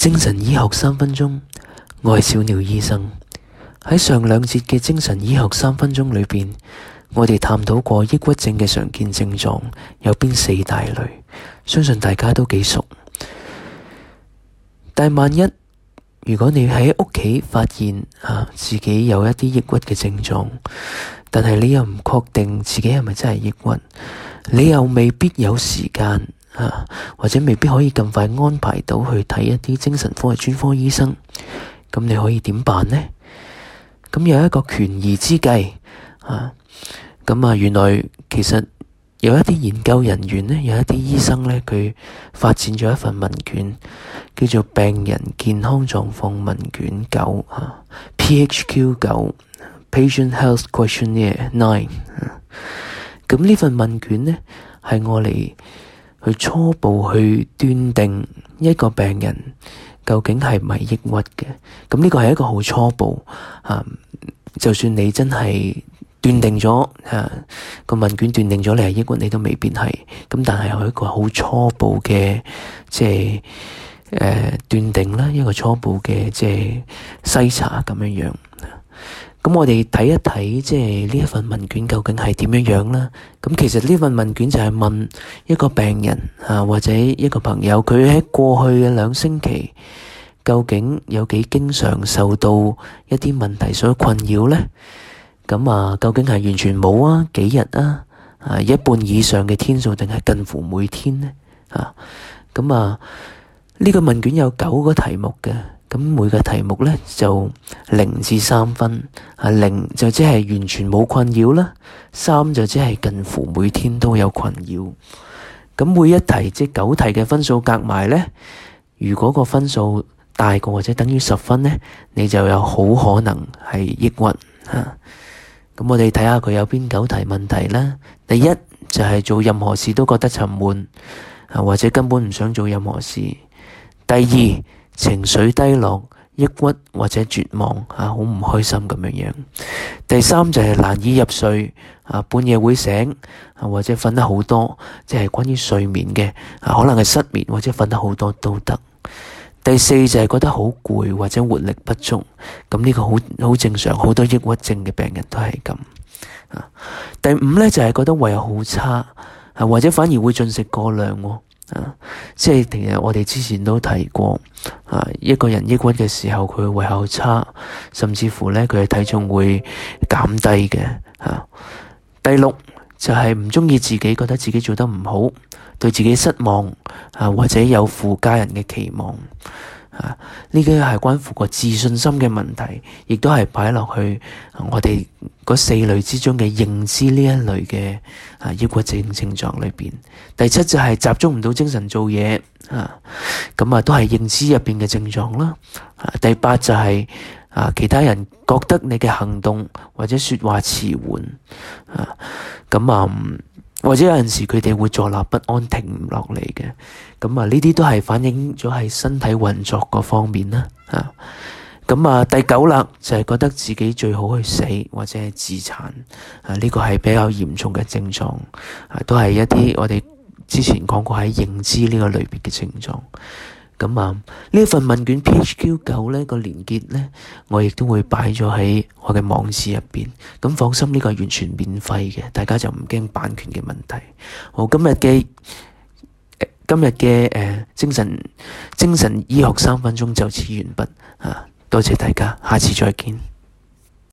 精神醫學三分鐘，我係小鳥醫生。喺上兩節嘅精神醫學三分鐘裏邊，我哋探討過抑鬱症嘅常見症狀有邊四大類，相信大家都幾熟。但係萬一如果你喺屋企發現啊自己有一啲抑鬱嘅症狀，但係你又唔確定自己係咪真係抑鬱，你又未必有時間。或者未必可以咁快安排到去睇一啲精神科嘅專科醫生。咁你可以點辦呢？咁有一個權宜之計啊。咁啊，原來其實有一啲研究人員咧，有一啲醫生呢，佢發展咗一份問卷叫做《病人健康狀況問卷九》p h q 九，Patient Health Questionnaire Nine）。咁呢份問卷呢，係我嚟，去初步去斷定一個病人究竟係唔係抑鬱嘅，咁呢個係一個好初步，啊，就算你真係斷定咗，個、啊、問卷斷定咗你係抑鬱，你都未必係，咁但係係一個好初步嘅，即係誒斷定啦，一個初步嘅即係篩查咁樣樣。咁我哋睇一睇，即係呢一份問卷究竟係點樣樣啦？咁其實呢份問卷就係問一個病人啊，或者一個朋友，佢喺過去嘅兩星期，究竟有幾經常受到一啲問題所困擾咧？咁啊，究竟係完全冇啊，幾日啊，啊一半以上嘅天數，定係近乎每天咧？吓，咁啊，呢個問卷有九個題目嘅。咁每個題目咧就零至三分，啊零就即係完全冇困擾啦，三就即係近乎每天都有困擾。咁每一題即九題嘅分數夾埋咧，如果個分數大過或者等於十分咧，你就有好可能係抑鬱嚇。咁我哋睇下佢有邊九題問題啦。第一就係做任何事都覺得沉悶啊，或者根本唔想做任何事。第二。情緒低落、抑鬱或者絕望吓，好唔開心咁樣樣。第三就係難以入睡，啊半夜會醒，或者瞓得好多，即係關於睡眠嘅，啊可能係失眠或者瞓得好多都得。第四就係覺得好攰或者活力不足，咁呢個好好正常，好多抑鬱症嘅病人都係咁。啊，第五咧就係覺得胃口好差，啊或者反而會進食過量。即係平日我哋之前都提過，啊，一個人抑鬱嘅時候，佢胃口差，甚至乎咧佢嘅體重會減低嘅。啊，第六就係唔鍾意自己，覺得自己做得唔好，對自己失望，啊或者有負家人嘅期望。呢啲係關乎個自信心嘅問題，亦都係擺落去我哋嗰四類之中嘅認知呢一類嘅啊抑鬱症症狀裏邊。第七就係、是、集中唔到精神做嘢啊，咁啊都係認知入邊嘅症狀啦。啊，第八就係、是、啊，其他人覺得你嘅行動或者說話遲緩啊，咁啊。嗯或者有陣時佢哋會坐立不安，停唔落嚟嘅，咁啊呢啲都係反映咗係身體運作個方面啦，吓、啊，咁啊第九啦就係、是、覺得自己最好去死或者係自殘，啊呢個係比較嚴重嘅症狀，啊都係一啲我哋之前講過喺認知呢個類別嘅症狀。咁啊，呢份問卷 PHQ 九呢個連結呢，我亦都會擺咗喺我嘅網址入邊。咁放心，呢、呢個係完全免費嘅，大家就唔驚版權嘅問題。好，今日嘅、呃、今日嘅誒精神精神醫學三分鐘就此完畢。啊，多謝大家，下次再見。